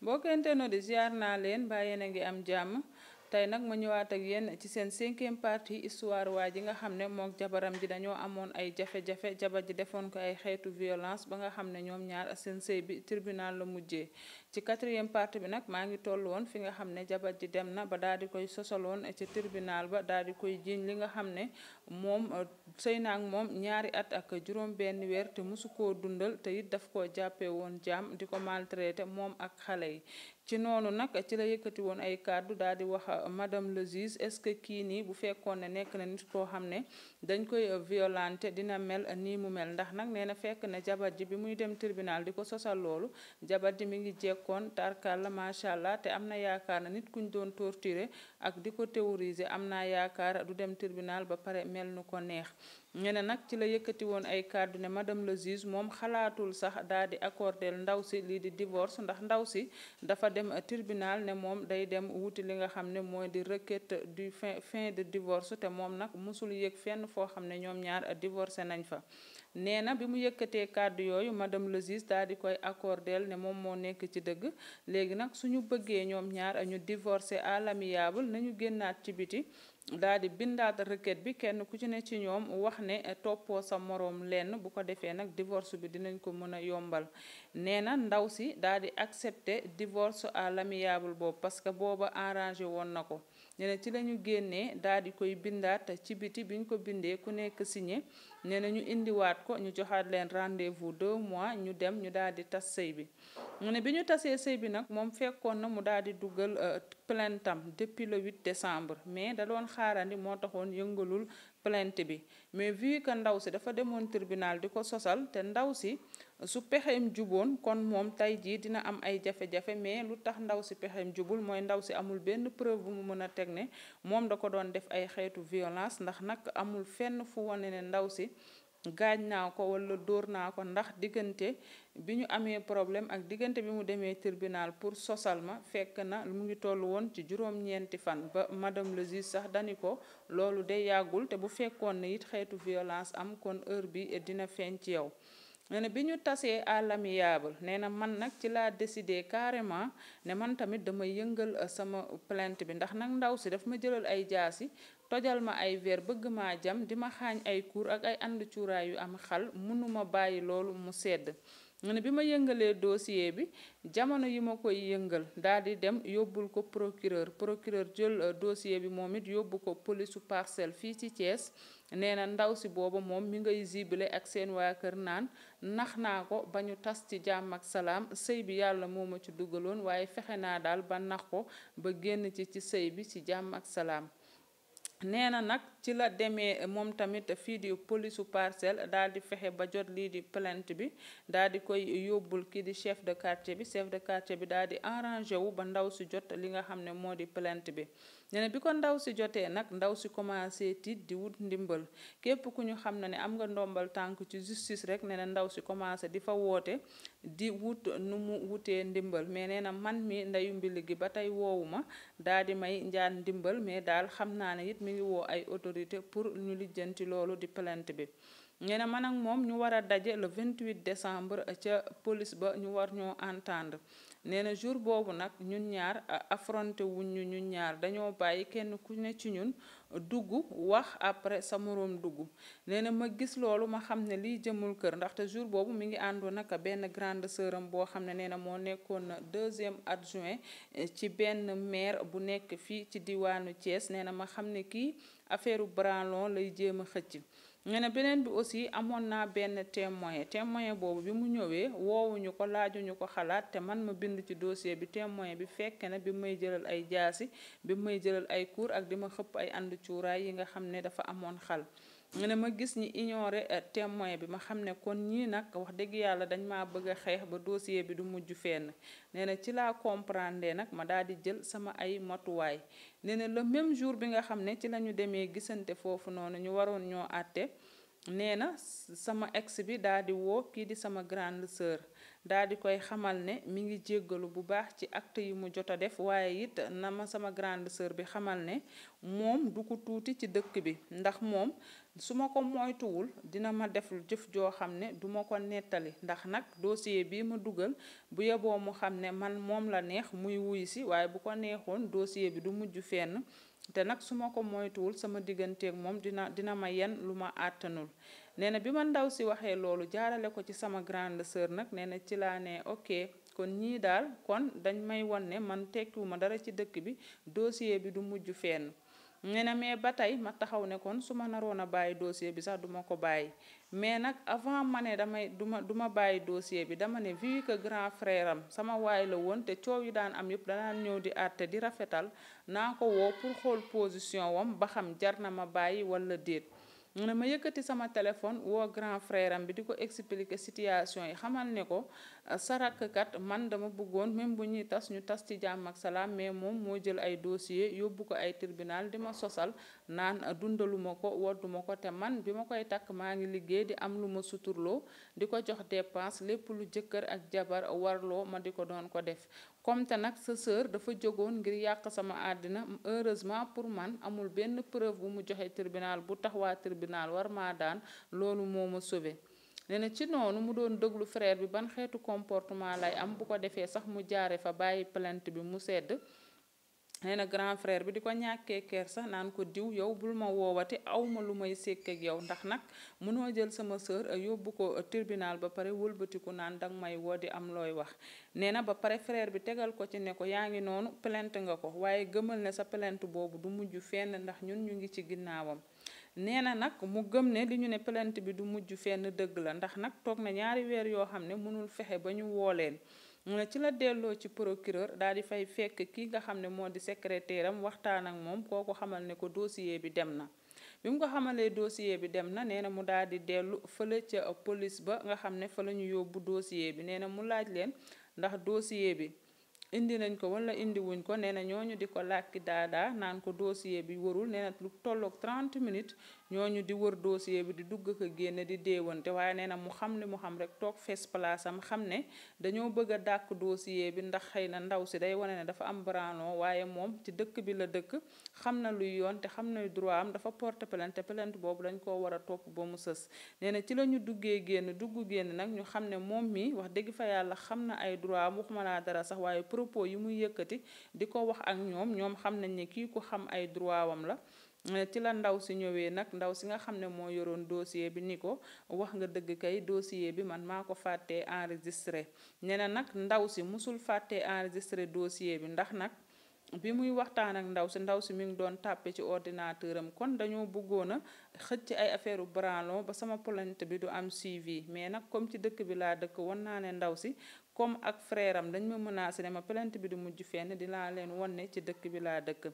mbokk internet di ziar naa leen mbaa yéen a ngi am jàmm tey nag ma ñëwaat ak yéen ci seen cinquième partie histoire waa ji nga xam ne mook jabaram ji dañoo amoon ay jafe-jafe jabar ji defoon ko ay xeetu violence ba nga xam ne ñoom ñaar seen sëy bi tribunal la mujjee ci quatrième partie bi nag maa ngi toll woon fi nga xam ne jabar ji dem na ba daal di koy sosaloon ci tribunal ba daal di koy jiiñ li nga xam ne moom sëy naag moom ñaari at ak juróom benn weer te mosu koo dundal te it daf koo jàppe woon jaam di ko maltraité moom ak xale yi ci noonu nag ci la yëkkati woon ay kàddu daal di wax madame le juge est-ce que kii nii bu fekkoon ne nekk na nit koo xam ne dañ koy violente dina mel nii mu mel ndax nag nee na fekk na jabar ji bi muy dem tribunal di ko sosal kon tarkalla macha allah te am na yaakaar na nit kuñ doon torturer ak di ko théoriser am naa yaakaar du dem tirbinal ba pare mel nu ko neex ñene nag ci la yëkkati woon ay kàddu ne madame le juge moom xalaatul sax daal di accordel ndaw si lii di divorce ndax ndaw si dafa dem tribunal ne moom day dem wuti li nga xam ne mooy di requête du fin fin de divorce te moom nag mosul yëg fenn foo xam ne ñoom ñaar divorcé nañ fa nee na bi mu yëkkatee kàddu yooyu madame le juge daal di koy accordel ne moom moo nekk ci dëgg léegi nag su ñu bëggee ñoom ñaar ñu divorcé à l'amiable ñu génnaat ci biti daal di bindaat requête bi kenn ku ci ne ci ñoom wax ne toppoo sa moroom lenn bu ko defee nag divorce bi dinañ ko mën a yombal nee na ndaw si daal di accepter divorce à l'amiable boobu parce que booba arrangé woon na ko nee ci lañu génnee daal di koy bindaat ci biti biñ ko bindee ku nekk signé nee na ñu indiwaat ko ñu joxaat leen rendez-vous deux mois ñu dem ñu daal di tas say bi mu ne bi ñu tasee sëy bi nag moom fekkoon na mu daal di dugal euh, plainte am depuis le 8 décembre mais da doon xaarandi moo taxoon yëngalul plainte bi mais vie que ndaw si dafa demoon tribunal di ko sosal te ndaw si su pexeem juboon kon moom tey jii dina am ay jafe-jafe mais lu tax ndaw si pexeem jubul mooy ndaw si amul benn preuve bu mu mën a teg ne moom da ko doon def ay xeetu violence ndax nag amul fenn fu wane ne ndaw si gaañ naa ko wala dóor naa ko ndax diggante bi ñu amee problème ak diggante bi mu demee tribunal pour sosal ma fekk na mu ngi toll woon ci juróom-ñeenti fan ba madame le juge sax dani ko loolu de yàggul te bu fekkoon ne it xeetu violence am kon heure bi dina feeñ ci yow nee na bi ñu tasee à l'amiable nee na man nag ci laa décidé carrément ne man tamit dama yëngal euh, sama plainte bi ndax nag ndaw si dafa ma jëlal ay jaasi tojal ma ay verre bëgg maa jam di ma xaañ ay kuur ak ay ànd cuuraay yu am xal mënuma bàyyi loolu mu sedd mu ne bi ma yëngalee dossier bi jamono yi ma koy yëngal daal di dem yóbbul ko procureur procureur jël euh, dossier bi moom it yóbbu ko polisu parcelle fii ci Thiès nee na ndaw si booba moom mi ngay zibile ak seen waa kër naan nax naa ko ba ñu tas ci jàmm ak salaam sëy bi yàlla moo ma ci dugaloon waaye fexe naa daal ba nax ko ba génn ci ci sëy bi ci jàmm ak salaam nee na nag ci la demee moom tamit fii di polisu parcelle daal di fexe ba jot lii di plainte bi daal di koy yóbbul kii di chef de quartier bi chef de quartier bi daal di arrangé wu ba ndaw si jot li nga xam ne moo di plainte bi nee bi ko ndaw si jotee nag ndaw si commencé tiit di wut ndimbal képp ku ñu xam na ne am nga ndombal tànk ci justice rek nee ndaw si commencé di fa woote di wut nu mu wutee ndimbal mais nee na man mi ndeyu mbili gi ba tey woowu ma daal di may njaan ndimbal mais daal xam naa ne it mu ngi woo ay autorité pour ñu lijjanti loolu di plainte bi nee na man moom ñu war a daje le 28 décembre ca police ba ñu war ñoo entend nee na jour boobu nag ñun ñaar affronté wuñ ñu ñun ñaar dañoo bàyyi kenn ku ne ci ñun dugg wax après sa moroom dugg nee na ma gis loolu ma xam ne lii jëmul kër ndaxte jour boobu mi ngi àndoon nag benn grande sœur am boo xam ne nee na moo nekkoon deuxième adjoint eh, ci benn maire bu nekk fii ci diwaanu Thiès nee na ma xam ne kii affaire branlon lay jéem a xëcc. ñu beneen bi aussi amoon naa benn témoin témoin boobu bi mu ñëwee woowuñu ko laajuñu ko xalaat te man ma bind ci dossier bi témoin bi fekk na bi may jëlal ay jaasi bi may jëlal ay cours ak di ma xëpp ay ànd cuuraay yi nga xam ne dafa amoon xal mu ne ma gis ñi ignoré euh, témoin bi ma xam ne kon ñii nag wax dëgg yàlla dañ ma bëgg a xeex ba dossier bi du mujj fenn nee na ci laa comprendre nag ma daal di jël sama ay matuwaay nee na le même jour bi nga xam ne ci lañu demee gisante foofu noonu ñu waroon ñoo àtte nee na sama ex bi daal di woo kii di sama grande sœur daal di koy xamal ne mi ngi jéggalu bu baax ci acte yi mu jot a def waaye it na ma sama grande sœur bi xamal ne moom du ko tuuti ci dëkk bi ndax moom su ma ko moytuwul dina ma def jëf joo xam ne du ma ko nettali ndax nag dossier bi ma dugal bu yeboo mu xam ne man moom la neex muy wuy si waaye bu ko neexoon dossier bi du mujj fenn te nag su ma ko moytuwul sama digganteeg moom dina dina ma yen lu ma àttanul nee na bi ma ndaw si waxee loolu jaarale ko ci sama grande sœur nag nee na ci laa ne ok kon ñii daal kon dañ may won ne man tekkiwu dara ci dëkk bi dossier bi du mujj fenn nee na mais ba tey ma taxaw ne kon su ma naroon a bàyyi dossier bi sax duma ko bàyyi mais nag avant ma ne damay du ma du ma bàyyi dossier bi dama ne vu que grand frère am sama waay la woon te coow yi daan am yëpp danaan ñëw di àtte di rafetal naa ko woo pour xool position wam ba xam jar na ma bàyyi wala déet mu ne ma yëkkati sama téléphone woo grand frère bi di ko expliquer situation yi xamal ne ko sarakkat man dama bëggoon même bu ñuy tas ñu tas ci jàmm ak salaam mais moom moo jël ay dossier yóbbu ko ay tirbinaal di ma sosal naan dundaluma ko wodduma ko te man bi ma koy takk maa ngi liggéey di am lu ma suturloo di ko jox dépense lépp lu jëkkër ak jabar warloo ma di ko doon ko def comme nag sa sœur dafa jógoon ngir yàq sama àddina heureusement pour man amul benn preuve bu mu joxe tribunal bu tax waa tribunal war maa daan loolu moo ma sauvé nee ci noonu mu doon déglu frère bi ban xeetu comportement lay am bu ko defee sax mu jaare fa bàyyi plainte bi mu sedd nee na grand frère bi di ko ñàkkee ker sa naan ko diw yow bul ma woowati aw ma lu may sekk ak yow ndax nag mënoo jël sama sœur eh, yóbbu ko eh, tribunal ba pare wëlbatiku naan dag may woo di am looy wax nee na ba pare frère bi tegal ko ci ne ko yaa ngi noonu plainte nga ko waaye gëmal ne sa plainte boobu du mujj fenn ndax ñun ñu ngi ci ginnaawam nee na nag mu gëm ne li ñu ne plainte bi du mujj fenn dëgg la ndax nag toog na ñaari weer yoo xam ne mënul fexe ba ñu woo leen mu ne ci la delloo ci procureur daal di fay fekk ki nga xam ne moo di secrétaire am waxtaan ak moom kooku xamal ne ko dossier bi dem na. bi mu ko xamalee dossier bi dem na nee na mu daal dellu fële ca police ba nga xam ne fa la ñu yóbbu dossier bi nee na mu laaj leen ndax dossier bi indi nañ ko wala indiwuñ ko nee na ñu di ko làkki daadaa naan ko dossier bi warul nee na lu tolloog 30 minutes ñooñu di wër dossier bi di dugg ko génn di déewante waaye nee na mu xam li mu xam rek toog fees place am xam ne dañoo bëgg a dàkk dossier bi ndax xëy na ndaw si day wane ne dafa am branlon waaye moom ci dëkk bi la dëkk xam na luy yoon xam na droit am dafa porte plainte plainte boobu dañ koo war a topp ba mu sës nee na ci la ñu duggee génn dugg génn nag ñu xam ne moom mii wax dëgg fa yàlla xam na ay droit am waxuma laa dara sax waaye propos yi muy yëkkati di ko wax ak ñoom ñoom xam nañ ne kii ko xam ay droit wam la Eh, ci la ndaw si ñëwee nag ndaw si nga xam ne moo yoroon dossier bi ni ko wax nga dëgg kay dossier bi man maa ko fàttee enregistré nee nag ndaw si mosul fàtte enregistré dossier bi ndax nag bi muy waxtaan ak ndaw si ndaw si mi ngi doon tàppe ci ordinateur am kon dañoo bëggoon a xëcc ay affaire branlon ba sama plainte bi du am suivi mais nag comme ci dëkk bi laa dëkk wan naa ne ndaw si comme ak frère am dañ ma menacé ne ma plainte bi du mujj fenn dinaa leen wan ne ci dëkk bi laa dëkk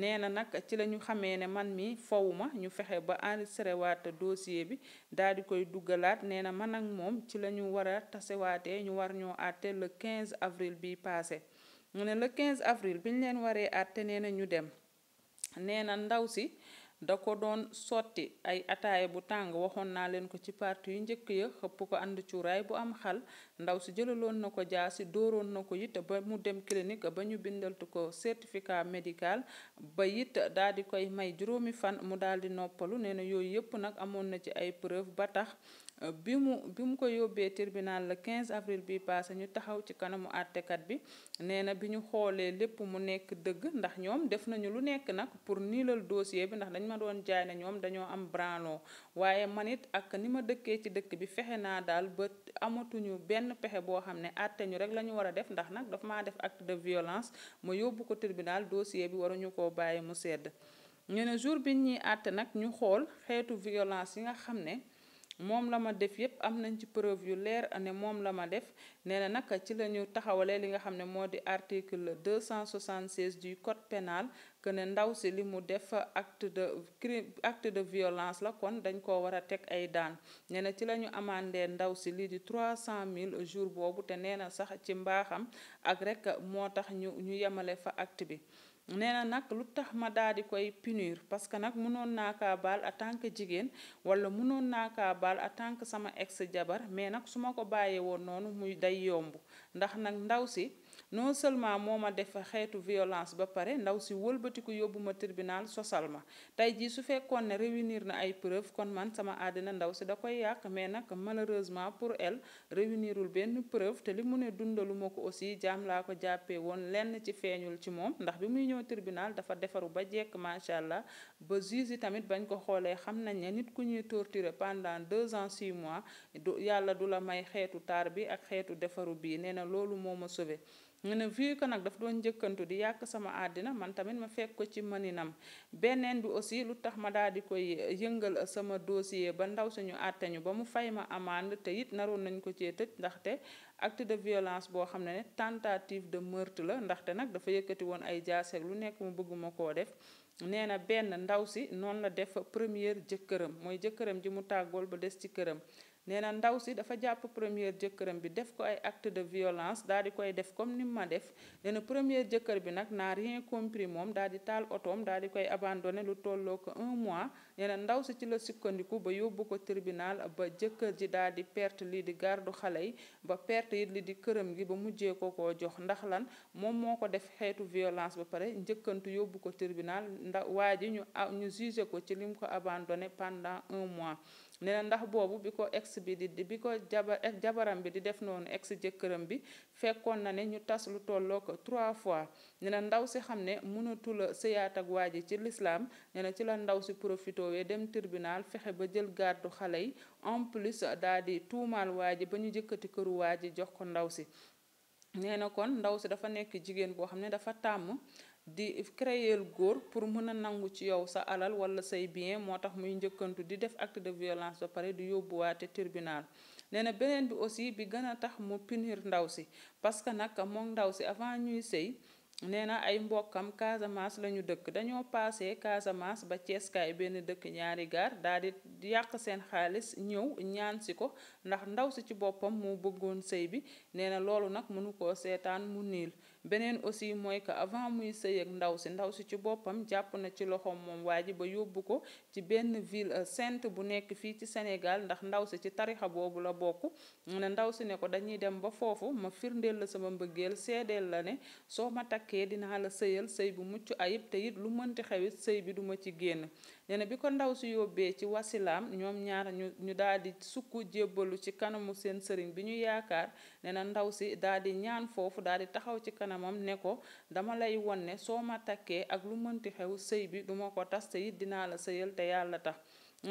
nee na nag ci la ñu xamee ne man mi fawuma ñu fexe ba enregistré waat dossier bi daal di koy duggalaat nee na man ak moom ci la ñu war a tasewaatee ñu war ñoo àtte le 15 avril bi passé mu ne le 15 avril bi ñu leen waree àtte nee na ñu dem nee na ndaw si da ko doon sotti ay ataaya bu tàng waxoon naa leen ko ci parti yu njëkk ya xëpp ko ànd cuuraay bu am xal ndaw si jëlaloon na ko jaasi dooroon na ko it ba mu dem clinique ba ñu bindaltu ko certificat médical ba it daldi koy may juróomi fan mu daal di noppalu nee na yooyu yëpp nag amoon na ci ay preuve ba tax Euh, bi mu bi mu ko yóbbee tribunal le 15 avril bi passé ñu taxaw ci kanamu àttekat bi nee na bi ñu xoolee lépp mu nekk dëgg ndax ñoom def nañu lu nekk nag pour niilal dossier bi ndax dañ ma doon jaay ne ñoom dañoo am branlon waaye man it ak ni ma dëkkee ci dëkk bi fexe naa daal ba amatuñu benn pexe boo xam ne àtte ñu rek lañu ñu war a def ndax nag dafa maa def acte de violence ma yóbbu ko tribunal dossier bi waruñu koo bàyyi mu sedd ñu jour bi ñuy àtte nag xeetu violence yi nga xam ne moom la ma def yépp am nañ ci preuve yu leer ne moom la ma def nee na nag ci la ñu taxawalee li nga xam ne moo di article 276 du code pénal que ne ndaw si li mu def acte de crime acte de violence la kon dañ koo war a teg ay daan nee na ci la ñu amandee ndaw si lii di cent mille jour boobu te nee na sax ci mbaaxam ak rek moo tax ñu ñu yemale fa acte bi nee na nag lu tax ma daal di koy punir parce que nag mënoon naa kaa baal en tant que jigéen wala mënoon naa kaa baal en tant que sama ex jabar mais nag su ma ko bàyyee woon noonu muy day yomb ndax nag ndaw si non seulement moo ma def xeetu violence ba pare ndaw si wëlbatiku yóbbu ma tribunal sosal ma tey jii su fekkoon ne réunir na ay preuve kon man sama àddina ndaw si da koy yàq mais nag malheureusement pour elle réunirul benn preuve te li mu ne dundaluma ko aussi jaam laa ko jàppee woon lenn ci feeñul ci moom ñëw tribunal dafa defaru ba jekk macha allah ba juge yi tamit bañ ko xoolee xam nañ ne nit ku ñuy tortire pendant deux ans six mois du yàlla du la may xeetu taar bi ak xeetu defaru bii nee na loolu moo ma sauvé mu ne vu que nag daf doon njëkkantu di yàq sama àddina man tamit ma fekk ko ci maninam beneen bi aussi lu tax ma daal di koy yëngal sama dossier ba ndaw ñu àtte ñu ba mu fay ma amande te it naroon nañ ko cee tëj ndaxte acte de violence boo xam ne tentative de meurtre la ndaxte nag dafa yëkkati woon ay jaaseeg lu nekk mu bëgguma koo def nee na benn ndaw si noonu la def première jëkkëram mooy jëkkëram ji mu tàggool ba des ci këram nee na ndaw si dafa jàpp première jëkkëram bi def ko ay acte de violence daal di koy def comme ni ma def nee na première jëkkër bi nag naar rien compris moom daal di taal otoom daal di koy abandonné lu tolloo ko un mois nee ndaw si ci la sukkandiku ba yóbbu ko tribunal ba jëkkër ji daal di perte lii di gàrdu xale yi ba perte it li di këram gi ba mujjee ko koo jox ndax lan moom moo ko def xeetu violence ba pare njëkkantu yóbbu ko tribunal ndax waa ji ñu ñu jugé ko ci lim ko abandonné pendant un mois nee na ndax boobu bi ko ex bi di bi ko jabaram bi di def noonu ex jëkkëram bi fekkoon na ne ñu tas lu tolloo ko trois fois nee na ndaw si xam ne mënatula sëyaat ak waa ji ci lislaam nena ci la ndaw si profitowee dem tribunal fexe ba jël gàddu xale yi en plus daal di tuumaal waa ji ba ñu jëkkati këru waa ji jox ko ndaw si nee na kon ndaw si dafa nekk jigéen boo xam ne dafa tàmm di créer góor pour mën a nangu ci yow sa alal wala say bien moo tax muy njëkkantu di def acte de violence ba pare di yóbbuwaate tribunal nee na beneen bi aussi bi gën a tax mu punir ndaw si parce que nag moom ndaw si avant ñuy sëy nee na ay mbokkam Casamance la ñu dëkk dañoo paase Casamance ba ceeskaay benn dëkk ñaari gaar daal di yàq seen xaalis ñëw ñaan si ko ndax ndaw si ci boppam moo bëggoon sëy bi nee na loolu nag mënu ko seetaan mu niil beneen aussi mooy que avant muy sëy ak ndaw si ndaw si ci boppam jàpp na ci loxoom moom waa ji ba yóbbu ko ci benn ville euh, sainte bu nekk fii ci Sénégal ndax ndaw si ci tarixa boobu la bokk ne ndaw si ne ko dañuy dem ba foofu ma firndeel la sama mbëggeel seddeel la ne soo ma takkee dinaa la sëyal sëy bu mucc ayib te it lu mënti xewit sëy bi duma ci génn nee na bi ko ndaw si yóbbee ci wasilaam ñoom ñaar ñu ñu daal di sukk jébbalu ci kanamu seen sëriñ bi ñu yaakaar nee ndaw si daal di ñaan foofu daal di taxaw ci kanamam ne ko dama lay won soo ma takkee ak lu mënti xew sëy bi duma ko tas te it dinaa la sëyal te yàlla tax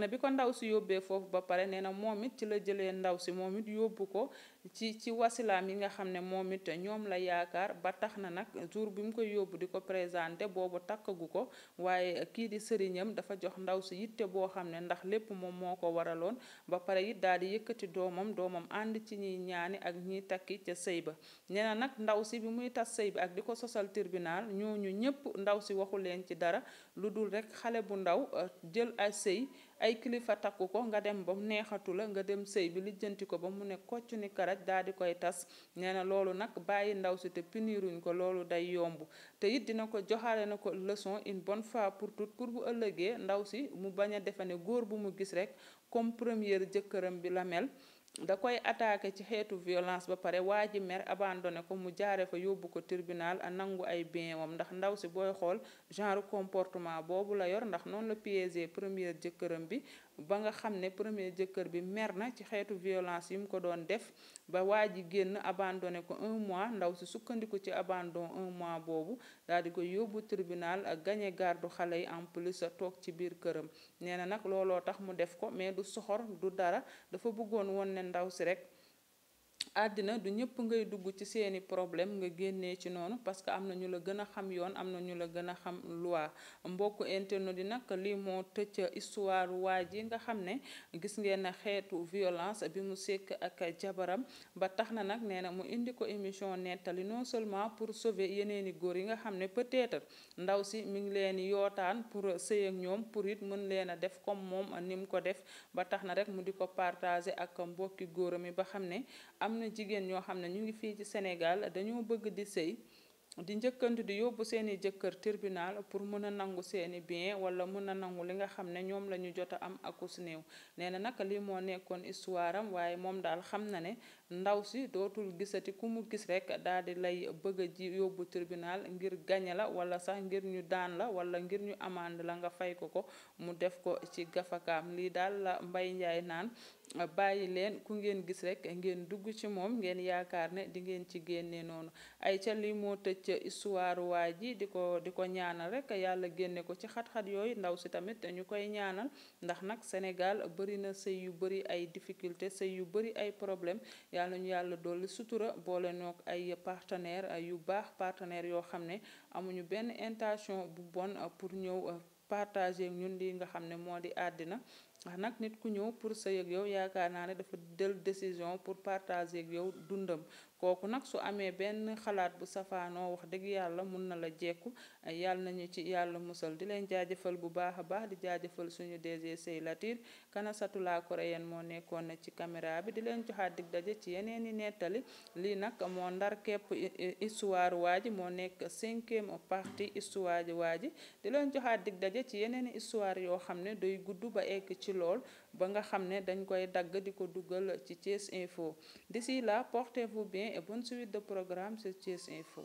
ne bi ko ndaw si yóbbee foofu ba pare nee na moom it ci la jëlee ndaw si moom it yóbbu ko ci ci wasilaam yi nga xam ne moom it ñoom la yaakaar ba tax na nag jour bi mu koy yóbbu di ko présenté boobu takkagu ko waaye kii di sëriñam dafa jox ndaw si te boo xam ne ndax lépp moom moo ko waraloon ba pare it daal di yëkkati doomam doomam ànd ci ñiy ñaani ak ñiy takki ca sëy ba nag ndaw si bi muy tas sëy bi ak di ko sosal tribunal ñooñu ñëpp ndaw si waxu leen ci dara lu dul rek xale bu ndaw euh, jël ay sëy ay kilifa takku ko nga dem ba mu neexatu la nga dem sëy bi lijjanti ko ba mu ne kocc ni kara rek daal di koy tas nee na loolu nag bàyyi ndaw si te puniruñ ko loolu day yomb te it dina ko joxaale na ko leçon une bonne fois pour tout pour bu ëllëgee ndaw si mu bañ a defe ne góor bu mu gis rek comme première jëkkëram bi la mel da koy attaqué ci xeetu violence ba pare waa ji mer abandonné ko mu jaare fa yóbbu ko tribunal a nangu ay bienwam ndax ndaw si booy xool genre comportement boobu la yor ndax noonu la piégé première jëkkëram bi ba nga xam ne premier jëkkër bi mer na ci xeetu violence yi mu ko doon def ba waa ji génn abandonné ko un mois ndaw si sukkandiku ci abandon un mois boobu daal di ko yóbbu tribunal ak gañe gardu xale yi en plus toog ci biir këram nee na nag looloo tax mu def ko mais du soxor du dara dafa bëggoon woon ne ndaw si rek àddina du ñëpp ngay dugg ci seeni problème nga génnee ci noonu parce que am na ñu la gën a xam yoon am na ñu la gën a xam loi mbokk internet yi nag lii moo tëcc histoire waa ji nga xam ne gis ngeen xeetu violence bi mu sekk ak jabaram ba tax na nag nee na mu indi ko émission nettali non seulement pour sauver yeneeni góor yi nga xam ne peut-être ndaw si mi ngi leen yootaan pour sëy ak ñoom pour it mën leen a def comme moom ni mu ko def ba tax na rek mu di ko partager ak mbokki góoram xam ne na jigéen ñoo xam ne ñu ngi fii ci senegal dañoo bëgg di sëy di njëkkantu di yóbbu seeni jëkkër tribunal pour mën a nangu seeni bien wala mën a nangu li nga xam ne ñoom la ñu jot a am akus néew nee na nag lii moo nekkoon histoire waaye moom daal xam na ne ndaw si dootul gisati ku mu gis rekk daal di lay bëgg a ji yóbbu tribunal ngir gañe la wala sax ngir ñu daan la wala ngir ñu amande la nga fay ko ko mu def ko ci gafakaam lii daal la mbay Ndiaye naan bàyyi leen ku ngeen gis rek ngeen dugg ci moom ngeen yaakaar ne di ngeen ci génne noonu ay ca lii moo tëj histoire waa ji di ko di ko ñaanal rekk yàlla génne ko ci xat-xat yooyu ndaw si tamit ñu koy ñaanal ndax nag Sénégal bëri na sëy yu bëri ay difficulté sëy yu bëri ay problème yàlla ñu yàlla dolli sutura boole noog ay partenaire yu baax partenaire yoo xam ne amuñu benn intention bu bon pour ñëw partager ñun li nga xam ne moo di àddina ndax nag nit ku ñëw pour sa yëg yow yaakaar naa ne dafa dël décision pour partager ak yow dundam kooku nag su amee benn xalaat bu safaanoo wax dëgg yàlla mun na la jekku yàlla nañu ci yàlla musal di leen jaajëfal bu baax a baax di jaajëfal suñu DG Sey Latir Kanasatu la Coréenne moo nekkoon na ci caméra bi di leen joxaat dig daje ci yeneen i nettali lii nag moo ndar képp histoire waa ji moo nekk cinquième partie histoire waa ji di leen joxaat dig daje ci yeneen i yoo xam ci lool ba nga xam ne dañ koy dagg di ko dugal ci Thiès Info d'ici là portez-vous bien et bonne suite de programme sur Thiès Info